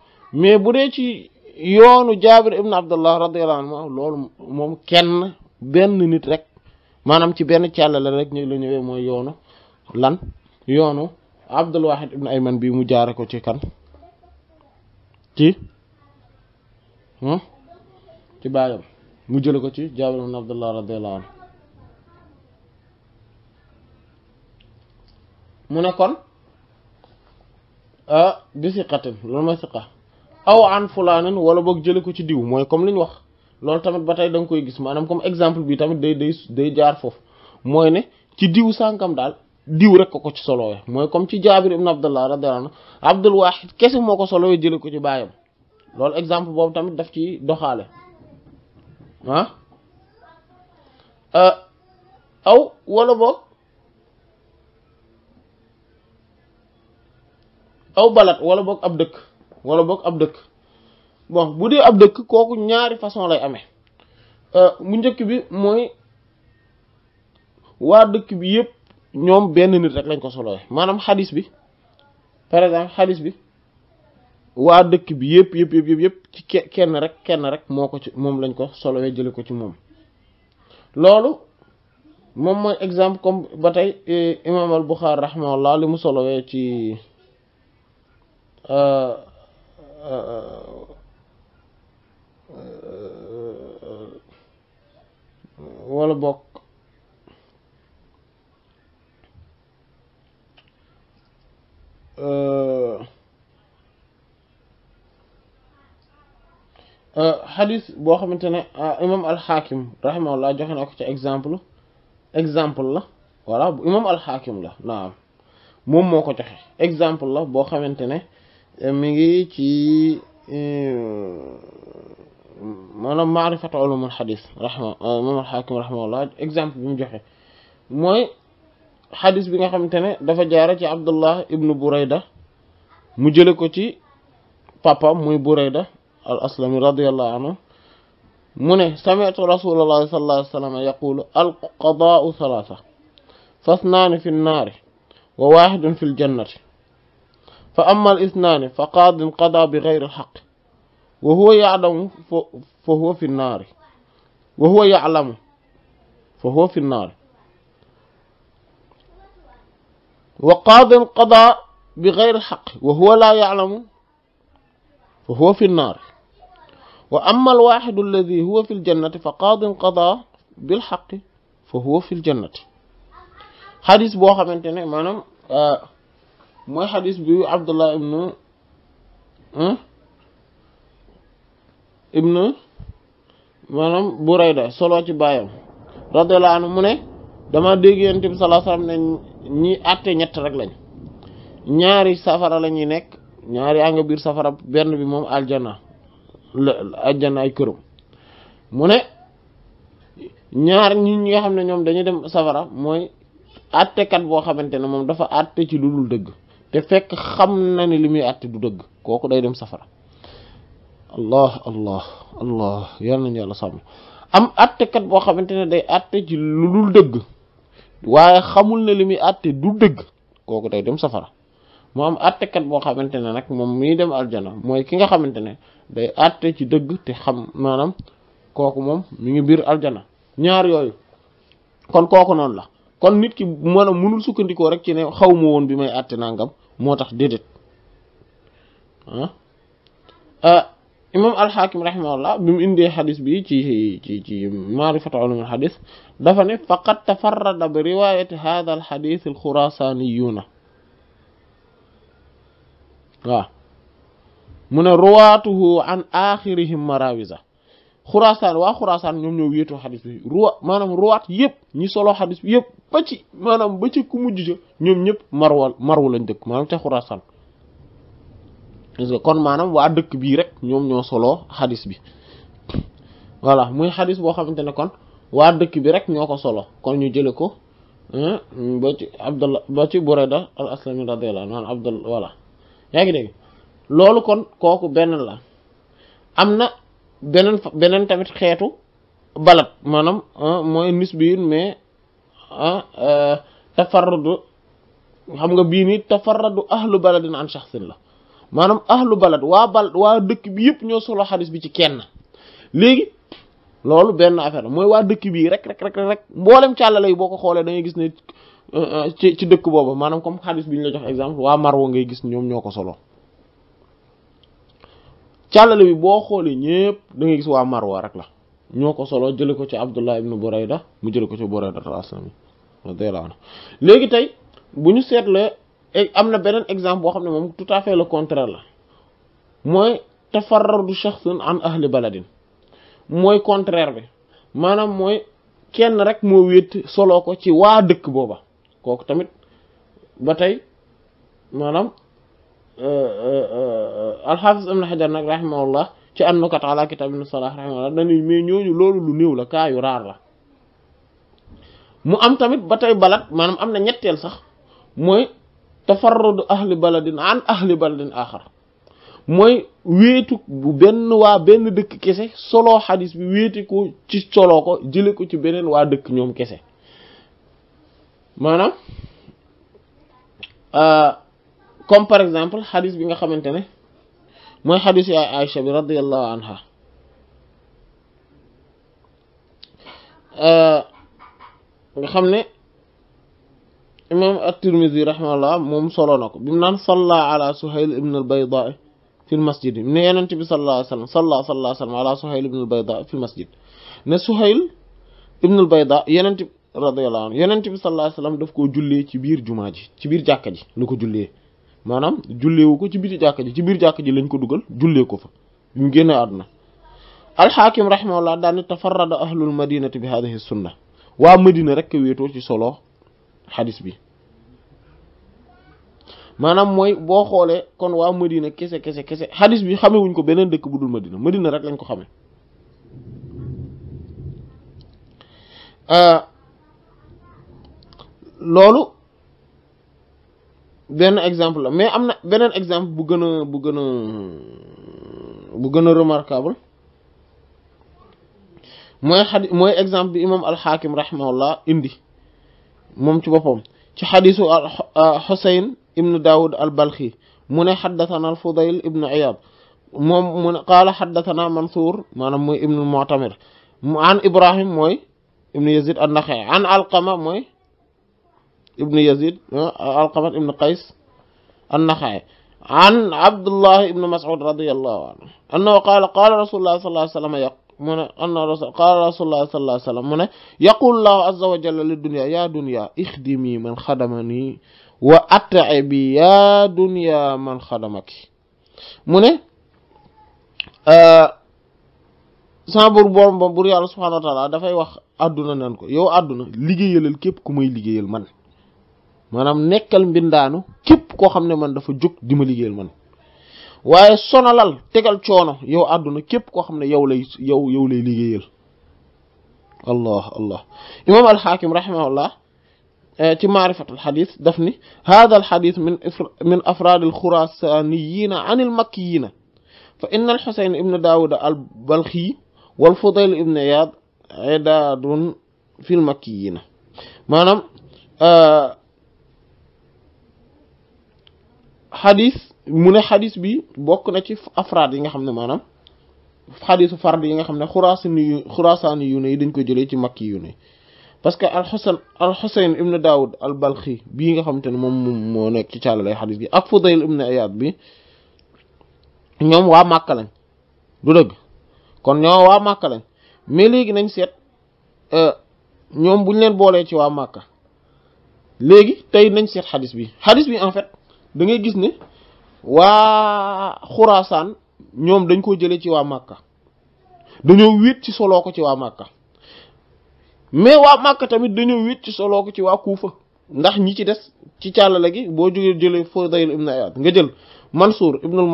mais bu dee ci yoonu jaabir ibn abdullah radiallahu anhuma loolu moom kenn benn nit rek maanaam ci benn càlla la rek ñu la ñëwee mooy yoonu lan yoonu abdul wahid ibn ayman bi mu jaare ko ci kan ci hmm? baayam mu jële ko ci Jaabir ibn Abdullah radiyallahu anhu mu ne kon ah, bi siqatin loolu mooy siqa aw an fulaanin wala boog jële ko ci diw mooy comme li ñu wax loolu tamit ba tey da nga koy gis maanaam comme exemple bi tamit day day day jaar foofu mooy ne ci diw sànkam daal diw rek ko ko ci solowee mooy comme ci Jaabir ibn Abdullah radiyallahu anhu Abdul Wahid kese moo ko solowee jële ko ci baayam loolu exemple boobu tamit daf ci doxaale Ah, ah aw wala boog aw balat wala boog ab dëkk wala boog ab dëkk bon bu dee ab dëkk kooku ñaari façon lay amee mu ah, njëkk bi mooy waa dëkk bi yépp ñoom benn nit rek lañ ko solowee maanaam xadis bi par exemple xadis bi waa dëkk bi yëpp yëpp yëpp yëpp ci kenn rek kenn rek moo ko ci moom lañ ko solowee jële ko ci moom loolu moom mooy exemple comme ba tey eh, imaam al Buxaari rahimahullah li mu solowee ci euh, euh, wala bokk euh, xadis boo xamante ne ah, imam alxaakim rahimahullah joxe na ko ci exemple exemple la voilà bu alxaakim la naam moom moo ko joxe exemple la boo xamante ne eh, mi ngi ci eh, maanaam maarifatu ulumul xadis raxma eh, imam alxaakim rahimahullah exemple bi mu joxe mooy xadis bi nga xamante ne dafa jaare ci abdullah ibnu burayda mu jële ko ci papa muy burayda الأسلمي رضي الله عنه من سمعت رسول الله صلى الله عليه وسلم يقول القضاء ثلاثة فاثنان في النار وواحد في الجنة فأما الاثنان فقاض قضى بغير الحق وهو يعلم فهو في النار وهو يعلم فهو في النار وقاض قضى بغير حق وهو لا يعلم فهو في النار وأما الواحد الذي هو في الجنة فقاض قضى بالحق فهو في الجنة xadis boo xamante ne maanaam mooy xadis bi Abdullah ibnu ibnu maanaam Burayda solo ci baayam radiyallahu anhu mu ne dama dégg Yonent bi sallallahu alayhi wasallam ne ñi àtte ñett rek lañ ñaari safara la ñuy nekk ñaari a nga biir safara benn bi moom aljanna ajjana ay këram mu ne ñaar ñi ñi nga xam ne ñoom dañuy dem safara mooy attekat boo xamante ne moom dafa atte ci lu dul dëgg te fekk xam na ne li muy atte du dëgg kooku day dem safara allah allah allah yal nañu yàlla sàmm am boo xamante ne day atte ci dëgg waaye xamul na li muy atte du dëgg kooku day dem safara mu am attekat boo xamante ne nag moom muy dem aljana mooy ki nga xamante ne day atte ci dëgg te xam maanaam kooku moom mi ngi biir aljana ñaar yooyu kon kooku noonu la kon nit ki maanaam mënul sukkandikoo rek ci ne xaw ma woon bi may atte nangam moo tax déedéet ah, ah imam alxaakim rahimahullah bi mu indee xadis bi ci ci ci maarifatu ulum alxadis dafa ne faqad tafarrada bi riwayati hada alxadis alxurasaniyuna waaw mu ne ruwaatuhu an axirihim marawisa xuraasaan waa xuraasaan ñoom ñoo wéetoo xadis bi ruwa maanaam ruwaat yëpp ñi solo xadis bi yëpp ba ci maanaam ba ci ku mujj ja ñoom ñëpp marwal marwu lañ dëkk maanaam ca xuraasaan parce kon maanaam waa dëkk bii rek ñoom ñoo solo xadis bi voilà muy xadis boo xamante ne kon waa dëkk bi rek ñoo ko solo kon ñu jële ko ba ci abdallah ba ci burayda al aslami radiyallahu anhu abdallah voilà yaa loolu kon kooku benn la am na beneen tamit xeetu balat maanaam ah, mooy nisbiyun mais ah, euh, tafarradu xam nga bii nii tafarradu ahlu baladin an shaxsin la maanaam ahlu balad waa bal waa dëkk bi yëpp ñoo solo xadis bi ci kenn léegi loolu benn affaire la mooy waa dëkk bii rek rek rek rek mboolem càllale yi boo ko xoolee da ngay gis ne Euh, euh, ci ci dëkk booba maanaam comme xaalis bi ñu la jox exemple waa Marwa ngay gis ñoom ñoo ko solo càllale bi boo xoolee ñépp da ngay gis waa Marwa rek la ñoo ko solo jële ko ci Abdullah ibn Burayda mu jële ko ci Burayda al-Aslami radiyallahu anhu léegi tey bu ñu seetle e- am na beneen exemple boo xam ne moom tout à fait le contraire la mooy tafarradu shakhsun an ahli baladin mooy contraire bi maanaam mooy kenn rek moo wéet solo ko ci waa dëkk booba kooku tamit ba tey maanaam euh, euh, euh, alxaafis ibn xajar nag raximahullah ci annukat ala kitaabin salaah raximahullah dañuy mais ñooñu loolu lu néew la kaa yu raar la mu am tamit ba tey balat maanaam am na ñetteel sax mooy tafarrudu ahli baladin an ahli baladin axar mooy wéetu bu benn waa benn dëkk kese solo xadis bi wéeti ko ci solo ko jële ko ci beneen waa dëkk ñoom kese maanaam euh, comme par exemple xadis bi nga xamante ne mooy xadis yaay Aïcha bi radiyallahu anha euh, nga xam ne imam at-Tirmidhi rahimahullah moom solo na ko bi mu naan salla ala Suhayl ibn al-Bayda fi l-masjid ne yonent bi sallallahu alayhi wa sallam salla sallallahu alayhi wa sallam ala Suhayl ibn al-Bayda fi l-masjid ne Suhayl ibn al-Bayda yonent radiyallahu yeneen yonent bi sallallahu alayhi wasallam daf koo jullee ci biir jumaa ji ci biir jàkka ji la ko jullee maanaam julleewu ko ci biir jàkka ji ci biir jàkka ji lañ ko dugal jullee ko fa bi mu àdduna alxaakim rahimahullah daal ni tafarrada ahlul madinati bi hadhihi sunna waa madina rek wéetoo ci solo xadis bi maanaam mooy boo xoolee kon waa madina kese kese kese xadis bi xame ko beneen dëkk bu dul madina madina rek lañ ko xame euh, loolu benn exemple la mais am na beneen exemple bu gën a bu gën a gën a remarquable mooy mooy exemple bi imam alxaakim rahimahullah indi moom ci boppam ci xadisu xusayn euh, ibnu daawud al balxi mu ne xaddatana al fudayl ibnu iyad moom mu ne qaala xaddatana mansour maanaam mooy ibnu mutamir mooy ibnu yazid an naxee an alqama mooy ibnu yazid ah, alqamat ibnu qays annaxaay an abdullahi ibnu mas'ud radiyallahu anhu annahu qaala qaala rasulullah sallallahu alayhi wa sallam yaq mu ne anna rasul qaala rasulullah sallallahu alayhi wa sallam mu ne yaqulu llahu azza wa jalla li dunya ya dunya ixdimi man xadamani wa at'ibi ya dunya man xadamaki mu ne ah, sa bur borom bam bur yàlla subhanahu wa taala dafay wax àdduna nan ko yow àdduna liggéeyalal képp ku may liggéeyal man maanaam nekkal mbindaanu képp koo xam ne man dafa jóg di ma liggéeyal man waaye sonalal tegal coono yow àdduna képp koo xam ne yow lay yow yow lay liggéeyal allah allah imam alxaakim rahimahullah ci maarifatul xadis daf ni hada alxadis min min afraad alxurasaniyina an almakkiyina fa inna alxusayn ibnu daawuda albalxi walfudayl ibnu iyaad idaadun fi lmakkiyina maanaam hadith mune hadith bi bok na ci afrad yi nga xamne manam maanaam fard yi nga xamne khurasani khurasani yu ne dañ ko jëlé ci makki yu ne parce que al al husayn ibn daud al balkhi bi nga xamante mom mo nek ci càllalay hadith bi ak fudayl ibn ayaad bi ñom wa màkka lañ du deug kon ñoo wa màkka lañ mais legi nañ set euh ñom buñ leen bolé ci wa màkka legi tay nañ set hadith bi hadith bi en fait da ngay gis ne waa xuraasaan ñoom dañ ko jëlee ci waa màkka dañoo wéet ci soloo ko ci waa màkka mais waa màkka tamit dañoo wéet ci soloo ko ci waa kuufa ndax ñi ci des ci càllale gi boo jógee jëlee Fudayl ibn Iyaad nga jël Mansour ibn al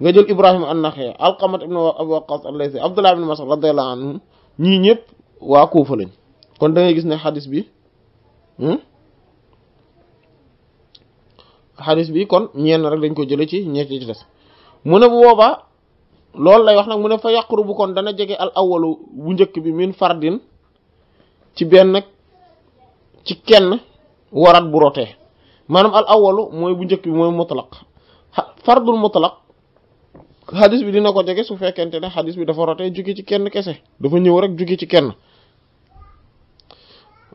nga jël Ibrahima an-Nakha'i Alqamat ibn Abi Waqqas al-Laythi Abdullah ibn Mas'ud radiyallahu anhum ñii ñëpp waa kuufa lañ kon da gis ne xadis bi hmm? xadis bi kon ñeen rek dañ ko jële ci ñee ci des mu ne bu boobaa loolu lay wax nag mu ne fa yàquru bu kon dana jege al awalu bu njëkk bi min fardin ci benn ci kenn warat bu rotee maanaam al awalu mooy bu njëkk bi mooy mutlaq fardul mutlaq xadis bi dina ko jege su fekkente ne xadis bi dafa rote jóge ci kenn kese dafa ñëw rek jóge ci kenn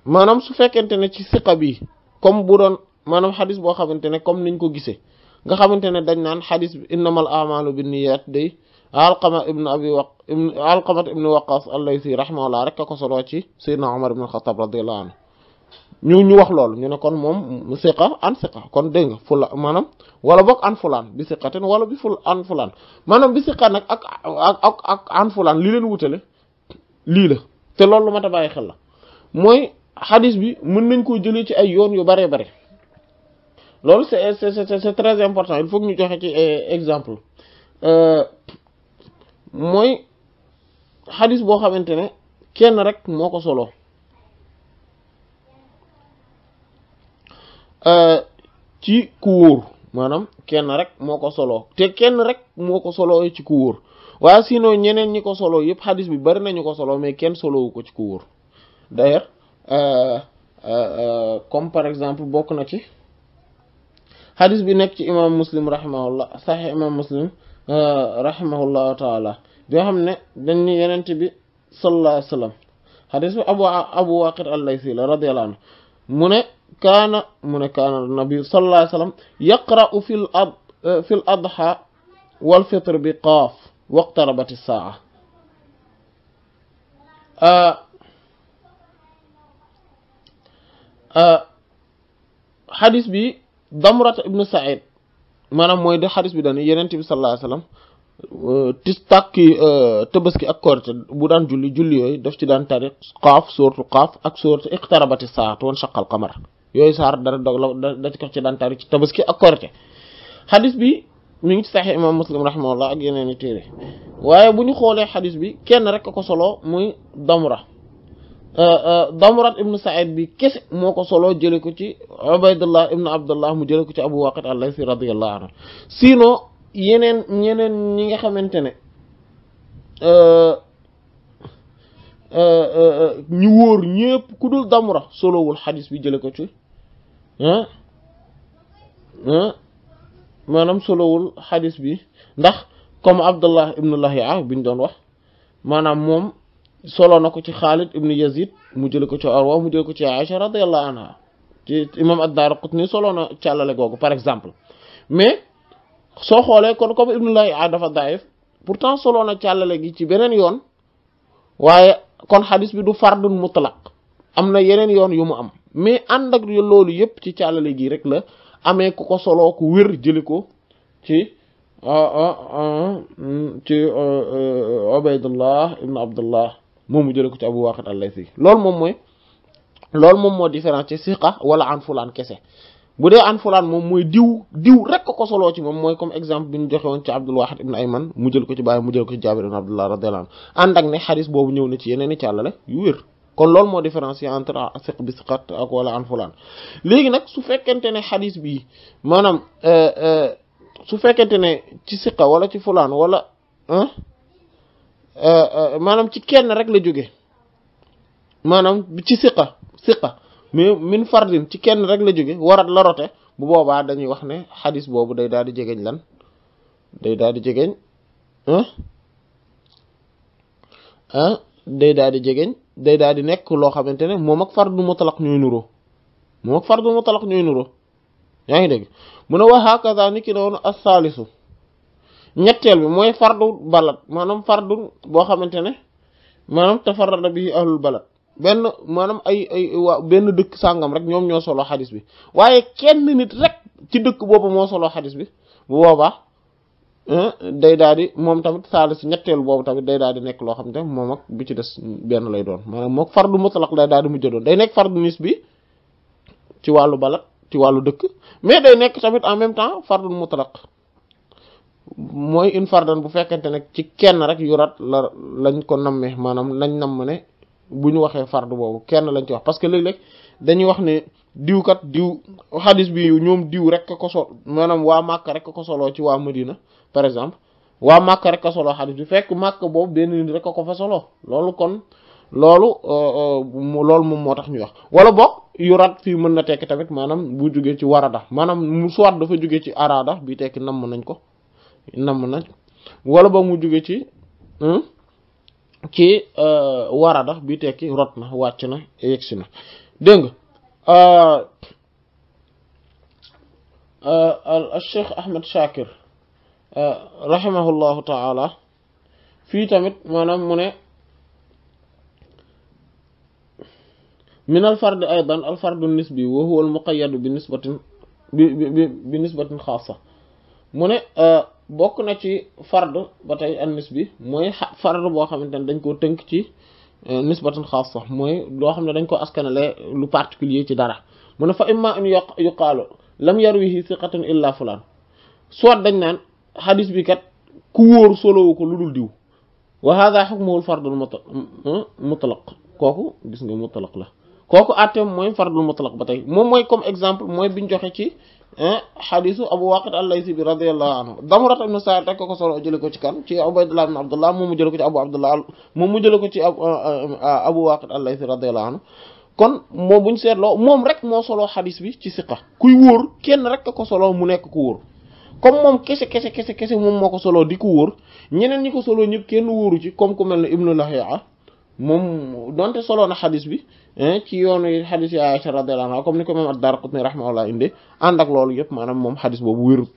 maanaam su fekkente ne ci siqa bi comme bu doon maanaam xadis boo xamante ne comme niñ ko gisee nga xamante ne dañ naan xadis bi innamal amalu binniyat day alqama ibnu abi waq alqamat ibnu waqas allaysi rahimahullah rek a ko soloo ci sayyidna omar ibn alxatab radiallahu anhu ñu ñu wax loolu ñu ne kon moom siqa an siqa kon dégg nga fula maanaam wala boog an fulaan bi siqaten wala bi ful an fulaan maanaam bi siqa nag ak ak ak an fulaan li leen wutale lii la te loolu lu ma ta bàyyi xel la mooy xadis bi mën nañ koo jëlee ci ay yoon yu baree bare loolu c'est c'est c'est très important il faut que ñu joxe ci eh, exemple euh, mooy xadis boo xamante ne kenn rek moo ko solo euh, ci ku wóor maanaam kenn rek moo ko solo te kenn rek moo ko ci ku wóor waaye ñeneen ñi ko solo yëpp xadis bi bari nañu ko solo mais kenn solowu ko ci ku wóor d'ailleurs euh, comme par exemple bokk na ci. xadis bi nekk ci imam muslim rahimahullah saxi imam muslim rahimahullahu taala bi nga xam ne dañ ni yenent bi sallallahu alayhi wa sallam xadis bi abu abu waqid al-laysi la radiyallahu anhu mu ne kaana mu ne kaana nabi sallallahu alayhi wa sallam yaqra'u fil ad fil adha wal fitr bi qaaf waqtarabat as-sa'a xadis bi damrata ibnu said maanaam mooy de xadis bi dane yenent bi sallallahu alayhi wasallam euh, tis tàkki euh, tëbaski ak korite bu daan julli julli yooyu daf ci daan tari qaaf sóortu qaaf ak sóortu iqtarabati saatu wan shaqal qamar yooyu saar dara dog la da ci daan tari ci tabaski ak korite xadis bi mi ngi ci saxee imam muslim rahimahullah ak yeneen i téere waaye bu ñu xoolee xadis bi kenn rek a ko solo muy damra Euh, euh, damrat ibnu said bi kese moo ko soloo jële ko ci ubaydullah ibnu abdullah mu jële ko ci abu waqid al-laythi radiyallahu anhu sinon yeneen ñeneen ñi nga xamante ne euh, ñu wóor ñépp ku dul damra solowul xadis bi jële ko ci ah maanaam solowul xadis bi ndax comme abdullah ibnu lahiya bi ñu doon wax maanaam moom solo na ko ci Xaalid ibn Yazid mu jële ko ci Urwa mu jële ko ci Aïcha radiyallahu anha ci imam ad-Daraqutni solo na càllale googu par exemple mais soo xoolee kon comme ibnu Layya ah, dafa daif pourtant solo na càllale gi ci beneen yoon waaye kon xadis bi du fardun mutlaq am na yeneen yoon yu mu am mais ànd ak loolu yépp ci càllale gi rek la amee ko soloo ku wér jële ko ci ah, ah, ci euh, euh, Ubaydullah Abdullah moom mu jëlee ko ci Abu Waaqid al-Laythi loolu moom mooy loolu moom moo différence ci siqa wala an fulaan kese bu dee an fulaan moom mooy diw diw rek ko soloo ci moom mooy comme exemple bi ñu joxe woon ci Abdul Wahid ibn Ayman mu jël ko ci bàyyi mu jël ko ci Jaabir ibn Abdullah radiyallahu anhu ànd ak ne xadis boobu ñëw na ci yeneen i càllale yu wér kon loolu moo différencier entre siq bi siqat ak wala an fulaan léegi nag su fekkente ne xadis bii maanaam euh, euh, su fekkente ne ci siqa wala ci fulaan wala ah Euh, euh, maanaam ci kenn rek la jóge maanaam ci siqa siqa mais min fardin ci kenn rek la jóge warat la rote bu boobaa dañuy wax ne xadis boobu day daal di jegeñ lan day daal di jegeñ ah day daal di jegeñ day daal di nekk loo xamante ne moom ak fardu talak ñooy nuroo moom ak fardu mutlaq ñooy nuroo yaa ngi dégg mu ne wa hakaza ni ki noonu as-salisu ñetteel bi mooy fardu balad maanaam fardu boo xamante ne maanaam tafarrada bi ahlul balad benn maanaam ay ay waa benn dëkk sàngam rek ñoom ñoo solo xadis bi waaye kenn nit rek ci dëkk boobu moo solo xadis bi bu boobaa day daal di moom tamit saali si ñetteel boobu tamit day daal di nekk loo xam ne moom ak bi ci des benn lay doon maanaam mook fardu mutlaq day daal di mujj doon day nekk fardu nis bi ci wàllu balad ci wàllu dëkk mais day nekk tamit en même temps fardu mutlaq mooy infardan bu fekkente nag ci kenn rek yurat la lañ ko nammee maanaam lañ namm ne bu ñu waxee fard boobu kenn lañ ci wax parce que léeg-léeg dañuy wax ne diw kat diw xadis bi ñoom diw rek ko so maanaam waa Màkka rek ko soloo ci waa Medina par exemple waa Màkka rek ko soloo xadis bi fekk Màkka boobu benn nit rek ko fa soloo loolu kon loolu euh, euh, loolu moom moo tax ñu wax wala boog yurat fii mën na tekki tamit maanaam bu jógee ci warada maanaam mu soit dafa jógee ci arada bi tekki namm nañ ko namm na wala ba mu jóge ci hmm? ci euh, warada bi tekki rot na wàcc na yegsi na dégg euh, euh, al cheikh Ahmed Shakir rahimahullahu taala fii tamit maanaam mu ne min al fard aydan al fardu nisbi wa huwa bi nisbatin bi bi bi nisbatin xaasa mu ne bokk na ci fard ba tey an nis bi mooy fard boo xamante ne dañ koo tënk ci euh, nisbatan xaassa mooy loo xam ne dañ ko askanale lu particulier ci dara mun ne fa imma an yuqaalu lam yarwihi siqatun illa fulaan soit dañ naan xadis bi kat ku wóor solowu ko lu dul diw wa hada xukmuhu fardul hmm, mutlaq kooku gis nga mutlaq la kooku àtteem mooy fardul mutlaq ba tey moom mooy comme exemple mooy biñ joxe ci Eh, xadisu abu waqid allaysi bi radiallahu anhu damurata ibnu saar rek ko solo jële ko ci kan ci ubaydullah ibn abdullah moom mu jële ko ci abu abdullah moom mu jële ko ci eh, eh, abu waqid allaysi radiallahu kon moo seetloo moom rek moo soloo xadis bi ci siqa kuy wóor kenn rek ko soloo mu nekk ku wóor comme moom kese kese kese kese moom moo ko soloo di ko wóor ñeneen ñi ko soloo ñëpp kenn wóoru ci comme ku mel ne ibnu lahiya moom donte solo na xadis bi ci yoonu xadis yi Aisha radiyallahu anha comme ni ko moom ad-Darqutni rahimahullah inde ànd ak loolu yëpp maanaam moom xadis boobu wérut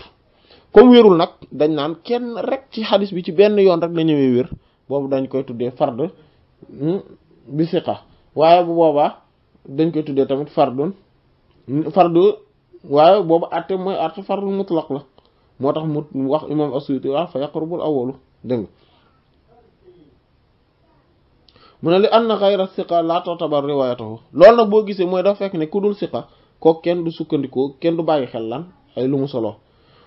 comme wérul nag dañ naan kenn rek ci xadis bi ci benn yoon rek la ñëwee wér boobu dañ koy tuddee fard hmm, bi siqa waaye bu boobaa dañ koy tuddee tamit fardun fardu waaye boobu atte mooy atte fardul mutlaq la moo tax mu wax imam as-Suyuti wax fa yaqrubul awwalu dégg nga mu ne li anna xayra siqa laa tutabar riwaayatuhu loolu nag boo gisee mooy dafa fekk ne ku dul siqa kook kenn du sukkandikoo kenn du bàyyi xel lan ay lu mu solo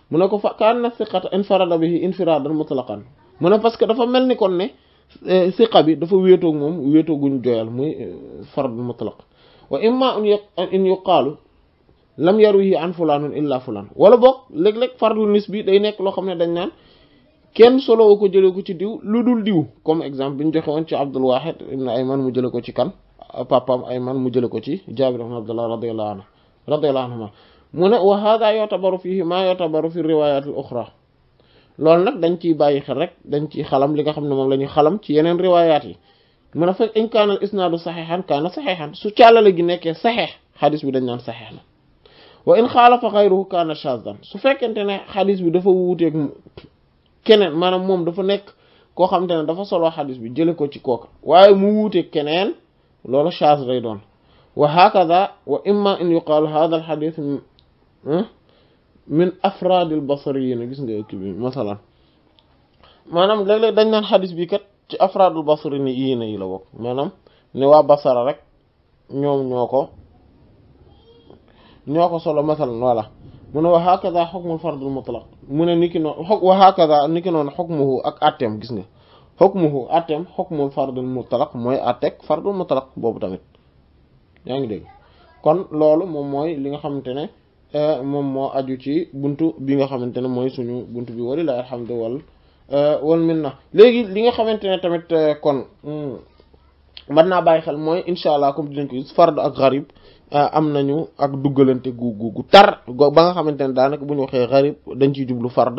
mu ne ko fa ka anna siqata infarada bihi infiradan mutlaqan mu ne parce que dafa mel ni kon ne e, siqa bi dafa wéetoog moom wéetooguñ joyal muy e, farad mutlaq wa imma in yuqaalu lam yarwihi an fulanun illa fulan wala boog léeg-léeg fardu nisbi day nekk loo xam ne dañ naan kenn solo ko jëlee ko ci diw lu dul diw comme exemple bi ñu joxe woon ci Abdul Wahid ibn Ayman mu jëlee ko ci kan papaam Ayman mu jëlee ko ci Jaabir ibn Abdullah radiyallahu anhu radiyallahu anhuma mu ne wa hada yotabaru fihi maa yotabaru fi riwayat al uxra loolu nag dañ ciy bàyyi xel rek dañ ciy xalam li nga xam ne moom xalam ci yeneen riwayat yi mu ne in kaana al isnaadu saxeexan kaana saxeexan su càllale gi nekkee saxeex xadis bi dañ naan saxeex na wa in xaalafa xayruhu kaana shazan su fekkente ne xadis bi dafa wuuteeg keneen maanaam moom dafa nekk koo xamante ne dafa solo xadis bi jële ko ci kooka waaye mu wuute keneen loolu charge day doon wa hakaza wa imma in yuqaal hada al xadis min afraadil basriyiina gis nga ki bi masalan maanaam léeg-léeg dañ naan xadis bi kat ci afraadul basriyiina yi la bokk maanaam ne waa basara rek ñoom ñoo ko ñoo ko solo masalan voilà من وهكذا حكم الفرد المطلق من نيكي حكم وهكذا نيكي نون حكمه اك اتم غيسني حكمه اتم حكم الفرد المطلق موي اتك فرد المطلق بوبو تاميت ياغي ديغ كون لولو موم موي ليغا خامتيني ا موم مو اديو تي بونتو بيغا خامتيني موي سونو بونتو بي ولي لا الحمد وال ا وال منا لغي ليغا خامتيني تاميت كون مرنا باي خال موي ان شاء الله كوم دينكو فرد اك غريب Euh, am nañu ak duggalante gu gu gu tar ba nga xamante ne daanaka bu ñu waxee xarib dañ ciy jublu fard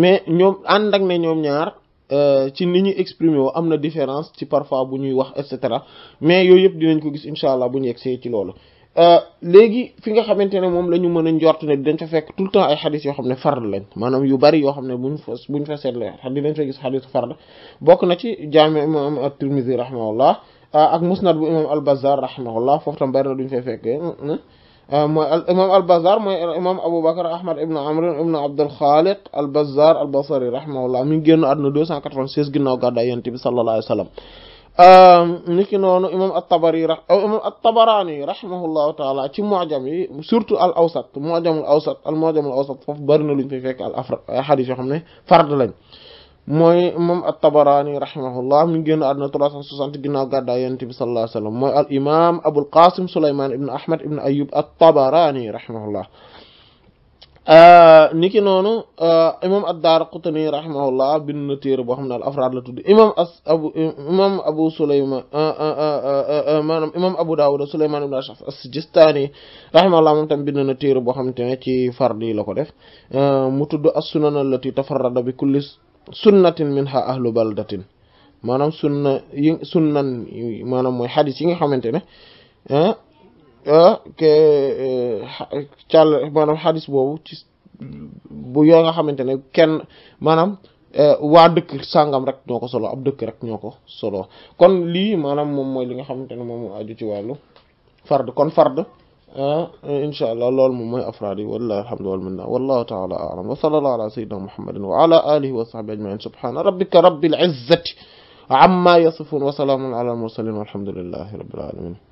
mais ñoom ànd ak ne ñoom ñaar euh, ci ni ñu exprimer woo am na différence ci parfois bu ñuy wax et cetera mais yooyu yëpp dinañ ko gis incha allah bu ñu yegsee ci loolu. Euh, léegi fi nga xamante ne moom la ñu mën a njort ne dañ fa fekk tout le temps ay xadis yoo xam ne fard lañ maanaam yu bari yoo xam ne buñ fa buñ fa seetlee dinañ fa gis xadis fard bokk na ci jaami imam at-Tirmidhi rahimahullah ak musnad bu imam al albazar rahimahullah fof tam bari duñ fay fekkee mooy imam al-bazzar moy imam aboubacar ahmad ibn amr ibn abd al-khaliq al-bazzar al-basri àdduna deux cent quatre-vingt-seize ginnaaw gàddaay yonent bi sallallahu alayhi wasallam sallam niki nonu imam at-Tabari imam at-Tabarani rahimahullahu taala ci mu'jam yi surtout al awsat mu'jam al awsat al mu'jam al awsat fof bari luñ lu ñu fay fekk al afra hadith yo xamne fard lañ mooy moom at-Tabaraani rahimahullah mi ngi génn àdduna 360 ginnaaw gàddaay Yonent bi sallallahu alayhi wa sallam mooy al imaam Abul Qaasim Souleymane ibn Ahmad ibn Ayyub at euh, euh, bind na téere boo xam ne al afraad la tudd imaam as abu imaam abu Souleymane euh, maanaam imaam Abu Daawuda Souleymane ibn Ashraf as-Sijistaani rahimahullah téere boo xam ne ci fard yi la ko def mu tudd as-sunan allati tafarrada bi kulli sunnatin minha ahlu baldatin maanaam sunna yi sunnan maanaam mooy xadis yi nga xamante ne ah, ah, ke eh, càll maanaam xadis boobu ci bu yoo nga xamante ne kenn maanaam eh, waa dëkk sàngam rek ñoo ko solo ab dëkk rek ñoo ko solo kon lii maanaam moom mooy li nga xamante ne moom aju ci wàllu fard kon fard آه إن شاء الله الله المهم يأفر عليه والله الحمد والمنة والله تعالى أعلم وصلى الله على سيدنا محمد وعلى آله وصحبه أجمعين سبحان ربك رب العزة عما يصفون وسلام على المرسلين والحمد لله رب العالمين